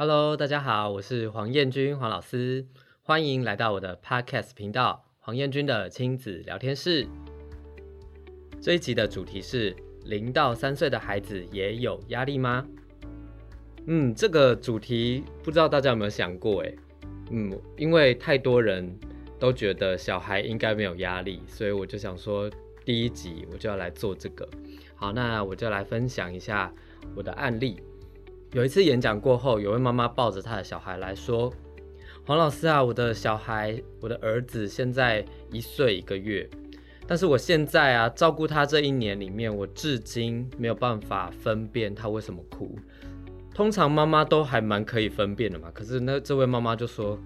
Hello，大家好，我是黃彥軍，黃老師，歡迎來到我的 Podcast 頻道黃彥軍的親子聊天室。這一集的主題是零到三歲的孩子也有壓力嗎？嗯，這個主題不知道大家有沒有想過？誒，嗯，因為太多人都覺得小孩應該沒有壓力，所以我就想說第一集我就要來做這個。好，那我就來分享一下我的案例。有一次演講過後，有位媽媽抱着她的小孩來說：“黃老師啊，我的小孩，我的兒子現在一歲一個月，但是我現在啊照顧他這一年裡面，我至今沒有辦法分辨他為什麼哭。通常媽媽都還蠻可以分辨的嘛，可是那這位媽媽就說，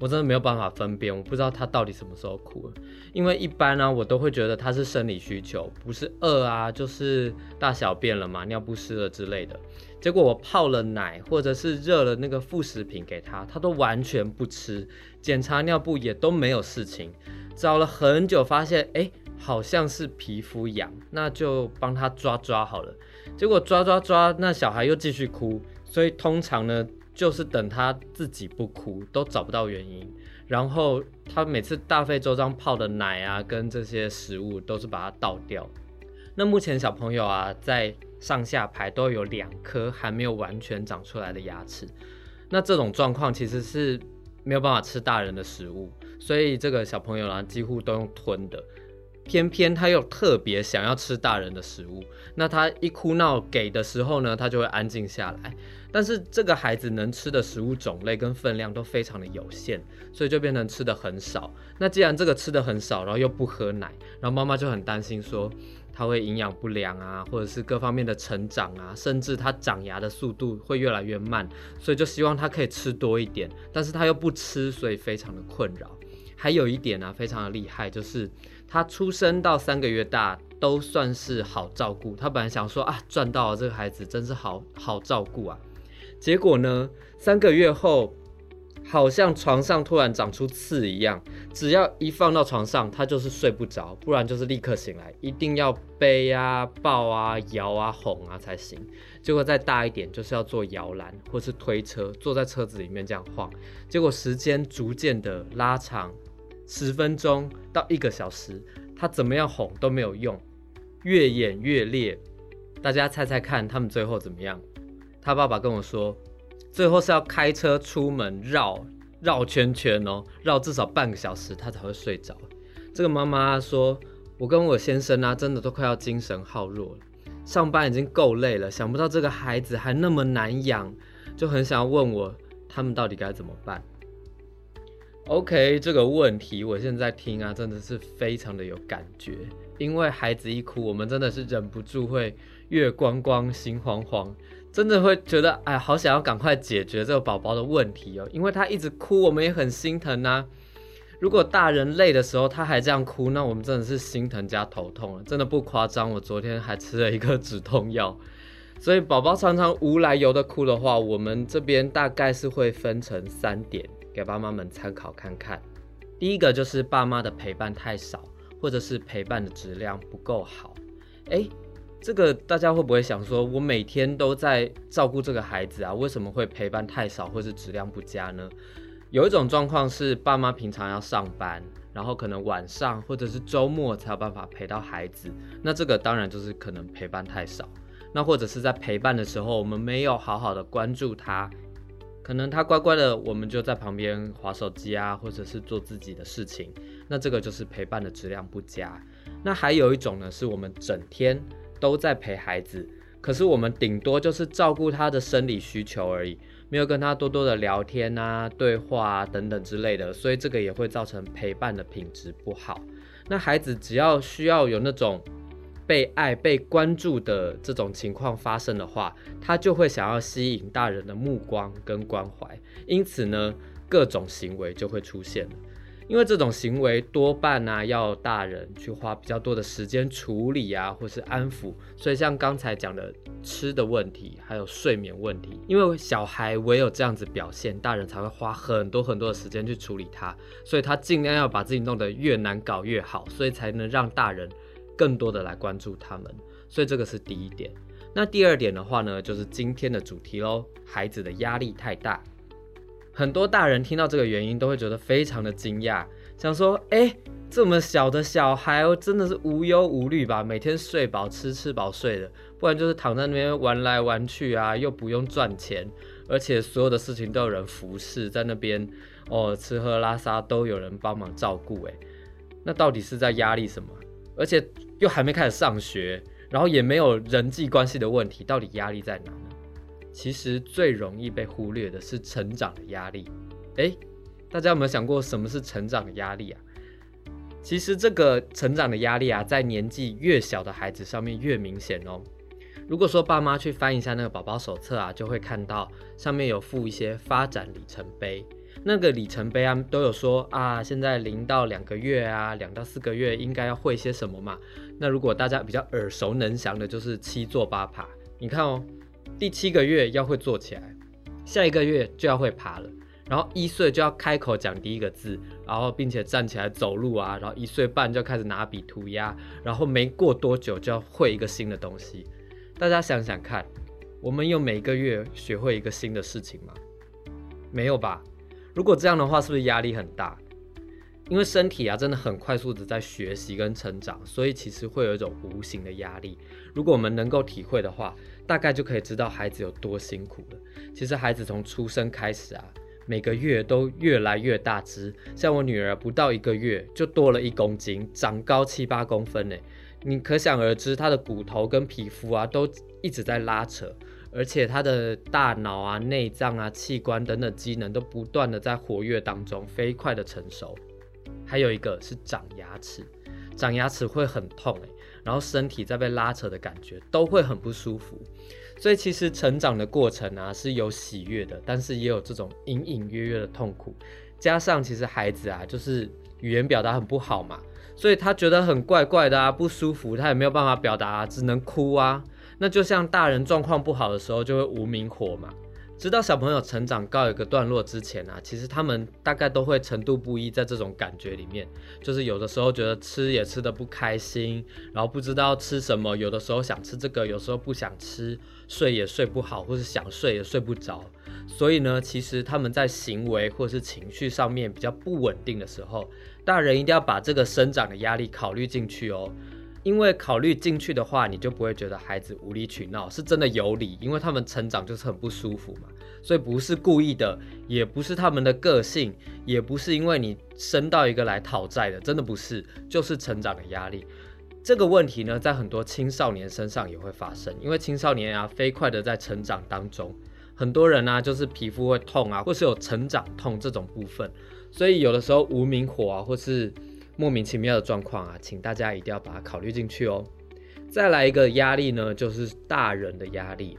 我真的沒有辦法分辨，我不知道他到底什麼時候哭了。因為一般呢、啊，我都會覺得他是生理需求，不是餓啊，就是大小便了嘛，尿不濕了之類的。”結果我泡了奶，或者是熱了那個副食品給他，他都完全不吃。檢查尿布也都沒有事情，找了很久，發現哎，好像是皮膚癢，那就幫他抓抓好了。結果抓抓抓，那小孩又繼續哭。所以通常呢，就是等他自己不哭，都找不到原因。然後他每次大費周章泡的奶啊，跟這些食物都是把它倒掉。那目前小朋友啊，在。上下排都有兩顆還沒有完全長出來的牙齒，那這種狀況其實是沒有辦法吃大人的食物，所以這個小朋友呢，幾乎都用吞的，偏偏他又特別想要吃大人的食物，那他一哭鬧給的時候呢，他就會安靜下來，但是這個孩子能吃的食物種類跟分量都非常的有限，所以就變成吃的很少。那既然這個吃的很少，然後又不喝奶，然後媽媽就很擔心說，他會營養不良啊，或者是各方面的成長啊，甚至他長牙的速度會越來越慢，所以就希望他可以吃多一點，但是他又不吃，所以非常的困擾。還有一點呢，啊，非常的厲害，就是他出生到三個月大都算是好照顧，他本來想說啊，賺到了，這個孩子真是好好照顧啊，結果呢，三個月後。好像床上突然長出刺一樣，只要一放到床上，他就是睡不着，不然就是立刻醒來，一定要背啊、抱啊、搖啊、哄啊、哄啊才行。結果再大一點，就是要坐搖籃或是推車，坐在車子裡面這樣晃。結果時間逐漸的拉長，十分鐘到一個小時，他怎麼樣哄都沒有用，越演越烈。大家猜猜看，他們最後怎麼樣？他爸爸跟我說。最後是要開車出門繞繞圈圈哦，繞至少半個小時他才會睡着。這個媽媽說：“我跟我先生呢、啊，真的都快要精神耗弱了，上班已經夠累了，想不到這個孩子還那麼難養，就很想要問我他們到底該怎麼辦。” OK，這個問題我現在聽啊，真的是非常的有感覺，因為孩子一哭，我們真的是忍不住會月光光心慌慌。真的會覺得哎，好想要趕快解決這個寶寶的問題哦，因為他一直哭，我們也很心疼吶、啊。如果大人累的時候，他還這樣哭，那我們真的是心疼加頭痛了。真的不誇張。我昨天還吃了一個止痛藥。所以寶寶常常無來由的哭的話，我們這邊大概是會分成三點給爸媽們參考看看。第一個就是爸媽的陪伴太少，或者是陪伴的質量不夠好。哎。這個大家會不會想說，我每天都在照顧這個孩子啊？為什麼會陪伴太少，或是質量不佳呢？有一種狀況是，爸媽平常要上班，然後可能晚上或者是週末才有辦法陪到孩子，那這個當然就是可能陪伴太少。那或者是在陪伴的時候，我們沒有好好的關注他，可能他乖乖的，我們就在旁邊滑手機啊，或者是做自己的事情，那這個就是陪伴的質量不佳。那還有一種呢，是我們整天，都在陪孩子，可是我們頂多就是照顧他的生理需求而已，沒有跟他多多的聊天啊、對話啊等等之類的，所以這個也會造成陪伴的品質不好。那孩子只要需要有那種被愛、被關注的這種情況發生的話，他就會想要吸引大人的目光跟關懷，因此呢，各種行為就會出現。因為這種行為多半呢、啊、要大人去花比較多的時間處理啊，或是安撫，所以像剛才講的吃的問題，還有睡眠問題，因為小孩唯有這樣子表現，大人才會花很多很多的時間去處理他，所以他盡量要把自己弄得越難搞越好，所以才能讓大人更多的來關注他們，所以這個是第一點。那第二點的話呢，就是今天的主題嘍，孩子的壓力太大。很多大人聽到這個原因都會覺得非常的驚訝，想說：哎、欸，這麼小的小孩哦，真的是無憂無慮吧？每天睡飽吃吃飽睡的，不然就是躺在那邊玩來玩去啊，又不用賺錢，而且所有的事情都有人服侍，在那邊哦，吃喝拉撒都有人幫忙照顧。哎，那到底是在壓力什麼？而且又還沒開始上學，然後也沒有人際關係的問題，到底壓力在哪？其實最容易被忽略的是成長的壓力。誒，大家有沒有想過什麼是成長的壓力啊？其實這個成長的壓力啊，在年紀越小的孩子上面越明顯哦。如果說爸媽去翻一下那個寶寶手冊啊，就會看到上面有附一些發展里程碑。那個里程碑啊，都有說啊，現在零到兩個月啊，兩到四個月應該要會些什麼嘛。那如果大家比較耳熟能詳的，就是七坐八爬。你看哦。第七個月要會坐起來，下一個月就要會爬了，然後一歲就要開口講第一個字，然後並且站起來走路啊，然後一歲半就開始拿筆塗鴉，然後沒過多久就要會一個新的東西。大家想想看，我們有每個月學會一個新的事情嗎？沒有吧？如果這樣的話，是不是壓力很大？因為身體啊真的很快速的在學習跟成長，所以其實會有一種無形的壓力。如果我們能夠體會的話。大概就可以知道孩子有多辛苦了。其實孩子從出生開始啊，每個月都越來越大隻。像我女兒不到一個月就多了一公斤，長高七八公分呢。你可想而知，她的骨頭跟皮膚啊都一直在拉扯，而且她的大腦啊、內臟啊、器官等等機能都不斷地在活躍當中，飛快地成熟。還有一個是長牙齒。長牙齒會很痛耶，然後身體在被拉扯的感覺都會很不舒服，所以其實成長的過程啊，是有喜悅的，但是也有這種隱隱約約的痛苦。加上其實孩子啊，就是語言表達很不好嘛，所以他覺得很怪怪的啊，不舒服，他也沒有辦法表達啊，只能哭啊。那就像大人狀況不好的時候就會無名火嘛。直到小朋友成長告一個段落之前啊，其實他們大概都會程度不一，在這種感覺裡面，就是有的時候覺得吃也吃得不開心，然後不知道吃什麼；有的時候想吃這個，有的時候不想吃；睡也睡不好，或是想睡也睡不着。所以呢，其實他們在行為或是情緒上面比較不穩定的時候，大人一定要把這個生長的壓力考慮進去哦。因為考慮進去的話，你就不會覺得孩子無理取鬧是真的有理，因為他們成長就是很不舒服嘛，所以不是故意的，也不是他們的個性，也不是因為你生到一個來討債的，真的不是，就是成長的壓力。這個問題呢，在很多青少年身上也會發生，因為青少年啊，飛快的在成長當中，很多人呢、啊，就是皮膚會痛啊，或是有成長痛這種部分，所以有的時候無名火啊，或是。莫名其妙的狀況啊，請大家一定要把它考慮進去哦。再來一個壓力呢，就是大人的壓力。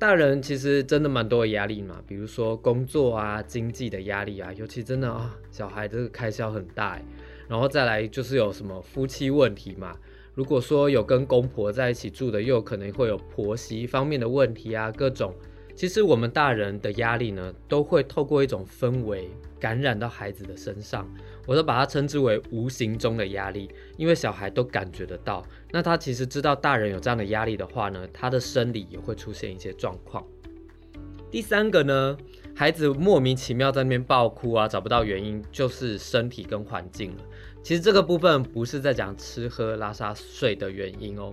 大人其實真的蠻多的壓力嘛，比如說工作啊、經濟的壓力啊，尤其真的啊，哦，小孩這個開銷很大。然後再來就是有什麼夫妻問題嘛，如果說有跟公婆在一起住的，又有可能會有婆媳方面的問題啊，各種。其實我們大人的壓力呢，都會透過一種氛圍感染到孩子的身上，我都把它稱之為無形中的壓力，因為小孩都感覺得到。那他其實知道大人有這樣的壓力的話呢，他的生理也會出現一些狀況。第三個呢，孩子莫名其妙在那邊爆哭啊，找不到原因，就是身體跟環境了。其實這個部分不是在講吃喝拉撒睡的原因哦。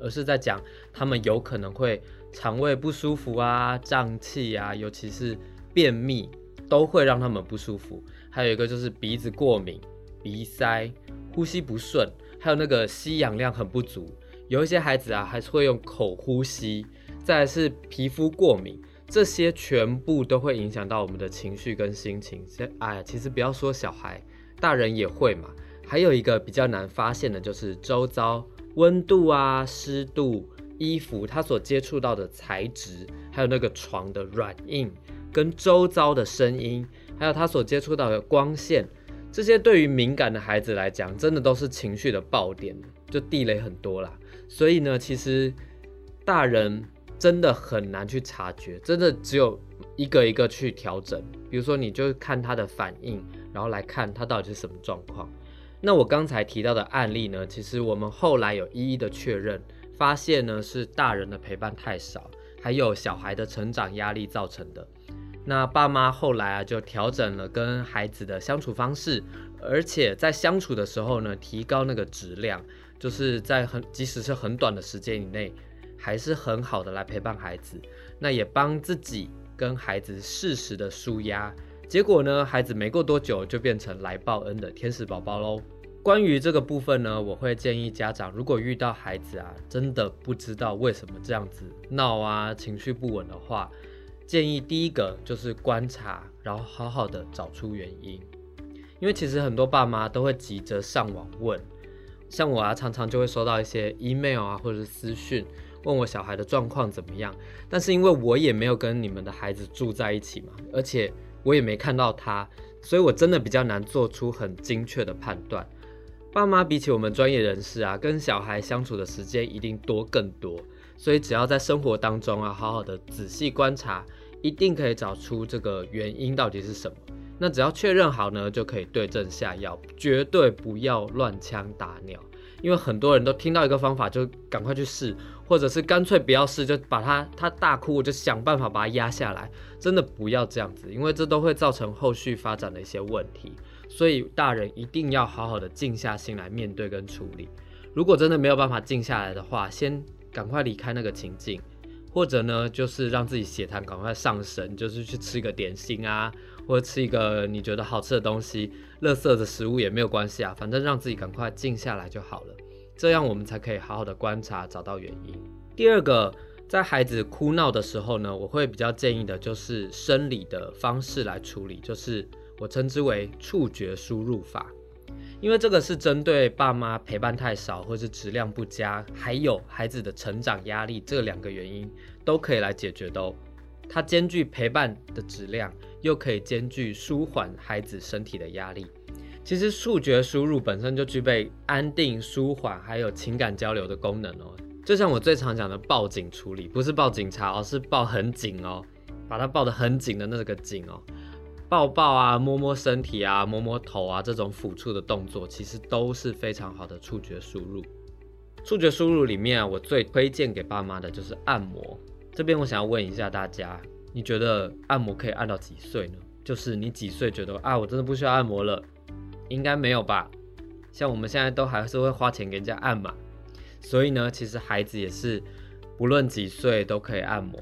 而是在講他們有可能會腸胃不舒服啊、脹氣啊，尤其是便秘都會讓他們不舒服。還有一個就是鼻子過敏、鼻塞、呼吸不順，還有那個吸氧量很不足。有一些孩子啊，還是會用口呼吸。再來是皮膚過敏，這些全部都會影響到我們的情緒跟心情。哎、啊，其實不要說小孩，大人也會嘛。還有一個比較難發現的就是周遭，溫度啊，濕度，衣服他所接觸到的材質，還有那個床的軟硬，跟周遭的聲音，還有他所接觸到的光線，這些對於敏感的孩子來講，真的都是情緒的爆點，就地雷很多啦。所以呢，其實大人真的很難去察覺，真的只有一個一個去調整。比如說，你就看他的反應，然後來看他到底是什麼狀況。那我剛才提到的案例呢，其實我們後來有一一的確認，發現呢是大人的陪伴太少，還有小孩的成長壓力造成的。那爸媽後來啊就調整了跟孩子的相處方式，而且在相處的時候呢，提高那個質量，就是在很即使是很短的時間以內，還是很好的來陪伴孩子。那也幫自己跟孩子適時的舒壓。結果呢，孩子沒過多久就變成來報恩的天使寶寶嘍。關於這個部分呢，我會建議家長，如果遇到孩子啊真的不知道為什麼這樣子鬧啊，情緒不穩的話，建議第一個就是觀察，然後好好的找出原因。因為其實很多爸媽都會急着上網問，像我啊，常常就會收到一些 email 啊，或者是私訊，問我小孩的狀況怎麼樣。但是因為我也沒有跟你們的孩子住在一起嘛，而且我也沒看到他，所以我真的比較難做出很精確的判斷。爸媽比起我們專業人士啊，跟小孩相處的時間一定多更多，所以只要在生活當中啊，好好的仔細觀察，一定可以找出這個原因到底是什麼。那只要確認好呢，就可以對症下藥，絕對不要亂槍打鳥。因為很多人都聽到一個方法就趕快去試，或者是乾脆不要試，就把他他大哭，我就想辦法把他壓下來。真的不要這樣子，因為這都會造成後續發展的一些問題。所以大人一定要好好的靜下心來面對跟處理。如果真的沒有辦法靜下來的話，先趕快離開那個情境，或者呢，就是讓自己血糖趕快上升，就是去吃一個點心啊，或者吃一個你覺得好吃的東西，垃圾的食物也沒有關係啊，反正讓自己趕快靜下來就好了。這樣我們才可以好好的觀察，找到原因。第二個，在孩子哭鬧的時候呢，我會比較建議的就是生理的方式來處理，就是。我稱之為觸覺輸入法，因為這個是針對爸媽陪伴太少或是質量不佳，還有孩子的成長壓力這兩個原因都可以來解決的哦。它兼具陪伴的質量，又可以兼具舒緩孩子身體的壓力。其實觸覺輸入本身就具備安定、舒緩，還有情感交流的功能哦。就像我最常講的抱緊處理，不是報警察，而、哦、是抱很緊哦，把它抱得很緊的那個緊哦。抱抱啊，摸摸身體啊，摸摸頭啊，這種撫觸的動作，其實都是非常好的觸覺輸入。觸覺輸入裡面，啊，我最推薦給爸媽的就是按摩。這邊我想要問一下大家，你覺得按摩可以按到幾歲呢？就是你幾歲覺得啊，我真的不需要按摩了，應該沒有吧？像我們現在都還是會花錢給人家按嘛。所以呢，其實孩子也是，不論幾歲都可以按摩。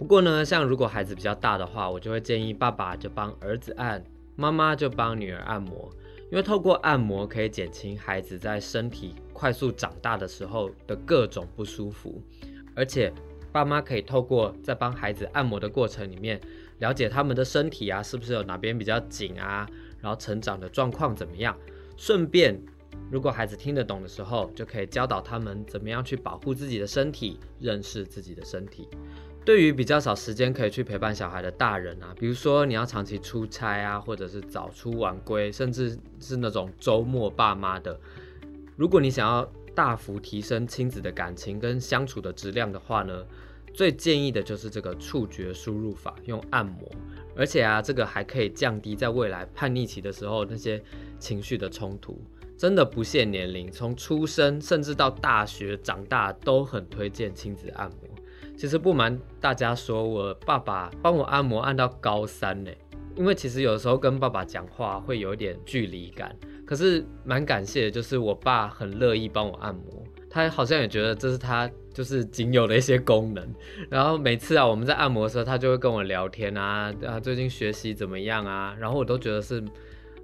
不過呢，像如果孩子比較大的話，我就會建議爸爸就幫兒子按，媽媽就幫女兒按摩，因為透過按摩可以減輕孩子在身體快速長大的時候的各種不舒服，而且爸媽可以透過在幫孩子按摩的過程裡面，了解他們的身體啊，是不是有哪邊比較緊啊，然後成長的狀況怎麼樣，順便，如果孩子聽得懂的時候，就可以教導他們怎麼樣去保護自己的身體，認識自己的身體。對於比較少時間可以去陪伴小孩的大人啊，比如說你要長期出差啊，或者是早出晚歸，甚至是那種周末爸媽的，如果你想要大幅提升親子的感情跟相處的質量的話呢，最建議的就是這個觸覺輸入法，用按摩，而且啊，這個還可以降低在未來叛逆期的時候那些情緒的衝突，真的不限年齡，從出生甚至到大學長大都很推薦親子按摩。其實不瞞大家說，我爸爸幫我按摩按到高三呢。因為其實有時候跟爸爸講話會有一點距離感，可是蠻感謝的，就是我爸很樂意幫我按摩，他好像也覺得這是他就是僅有的一些功能。然後每次啊，我們在按摩的時候，他就會跟我聊天啊，啊，最近學習怎麼樣啊？然後我都覺得是，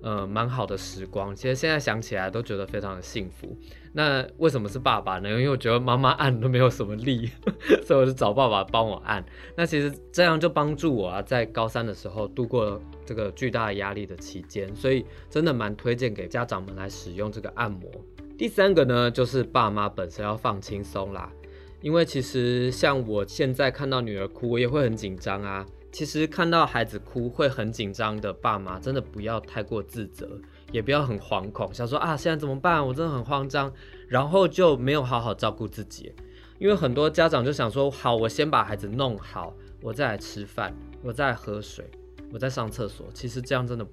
呃，蠻好的時光。其實現在想起來，都覺得非常的幸福。那為什麼是爸爸呢？因為我覺得媽媽按都沒有什麼力， 所以我就找爸爸幫我按。那其實這樣就幫助我啊，在高三的時候度過了這個巨大壓力的期間，所以真的蠻推薦給家長們來使用這個按摩。第三個呢，就是爸媽本身要放輕鬆啦，因為其實像我現在看到女兒哭，我也會很緊張啊。其實看到孩子哭會很緊張的爸媽，真的不要太過自責。也不要很惶恐，想說啊，現在怎麼辦？我真的很慌張，然後就沒有好好照顧自己，因為很多家長就想說，好，我先把孩子弄好，我再來吃飯，我再來喝水，我再上廁所。其實這樣真的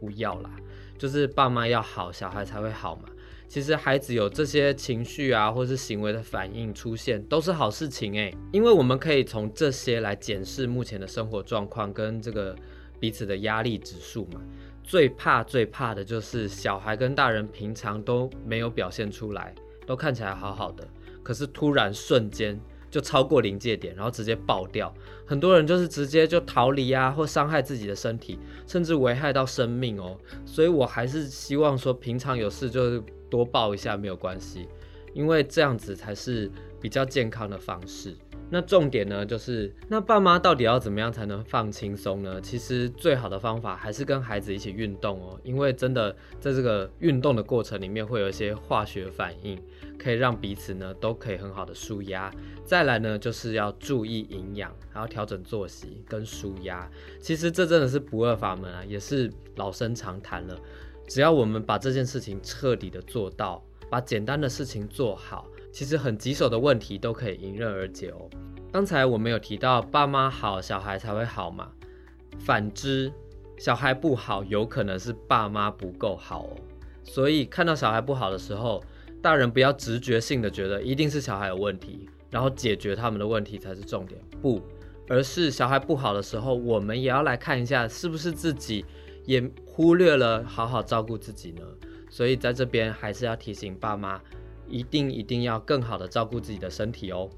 不要啦，就是爸媽要好，小孩才會好嘛。其實孩子有這些情緒啊，或是行為的反應出現，都是好事情誒、欸。因為我們可以從這些來檢視目前的生活狀況跟這個彼此的壓力指數嘛。最怕最怕的就是小孩跟大人平常都沒有表現出來，都看起來好好的，可是突然瞬間就超過臨界點，然後直接爆掉。很多人就是直接就逃離啊，或傷害自己的身體，甚至危害到生命哦。所以我還是希望說，平常有事就是多爆一下，沒有關係，因為這樣子才是比較健康的方式。那重點呢，就是那爸媽到底要怎麼樣才能放輕鬆呢？其實最好的方法還是跟孩子一起運動哦，因為真的在這個運動的過程裡面，會有一些化學反應，可以讓彼此呢都可以很好的舒壓。再來呢，就是要注意營養，還要調整作息跟舒壓。其實這真的是不二法門啊，也是老生常談了。只要我們把這件事情徹底的做到，把簡單的事情做好。其實很棘手的問題都可以迎刃而解哦。剛才我們有提到爸媽好，小孩才會好嘛。反之，小孩不好，有可能是爸媽不夠好哦。所以看到小孩不好的時候，大人不要直覺性的覺得一定是小孩有問題，然後解決他們的問題才是重點。不，而是小孩不好的時候，我們也要來看一下是不是自己也忽略了好好照顧自己呢？所以在這邊還是要提醒爸媽。一定一定要更好的照顧自己的身體哦。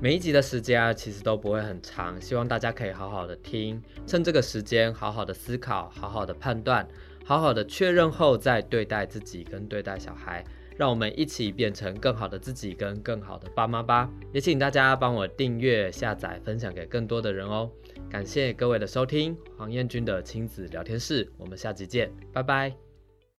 每一集的時間啊，其實都不會很長，希望大家可以好好的聽，趁這個時間好好的思考，好好的判斷，好好的確認後再對待自己跟對待小孩。讓我們一起變成更好的自己跟更好的爸媽吧。也請大家幫我訂閱、下載、分享給更多的人哦。感謝各位的收聽，黃彥君的親子療天室，我們下集見，拜拜。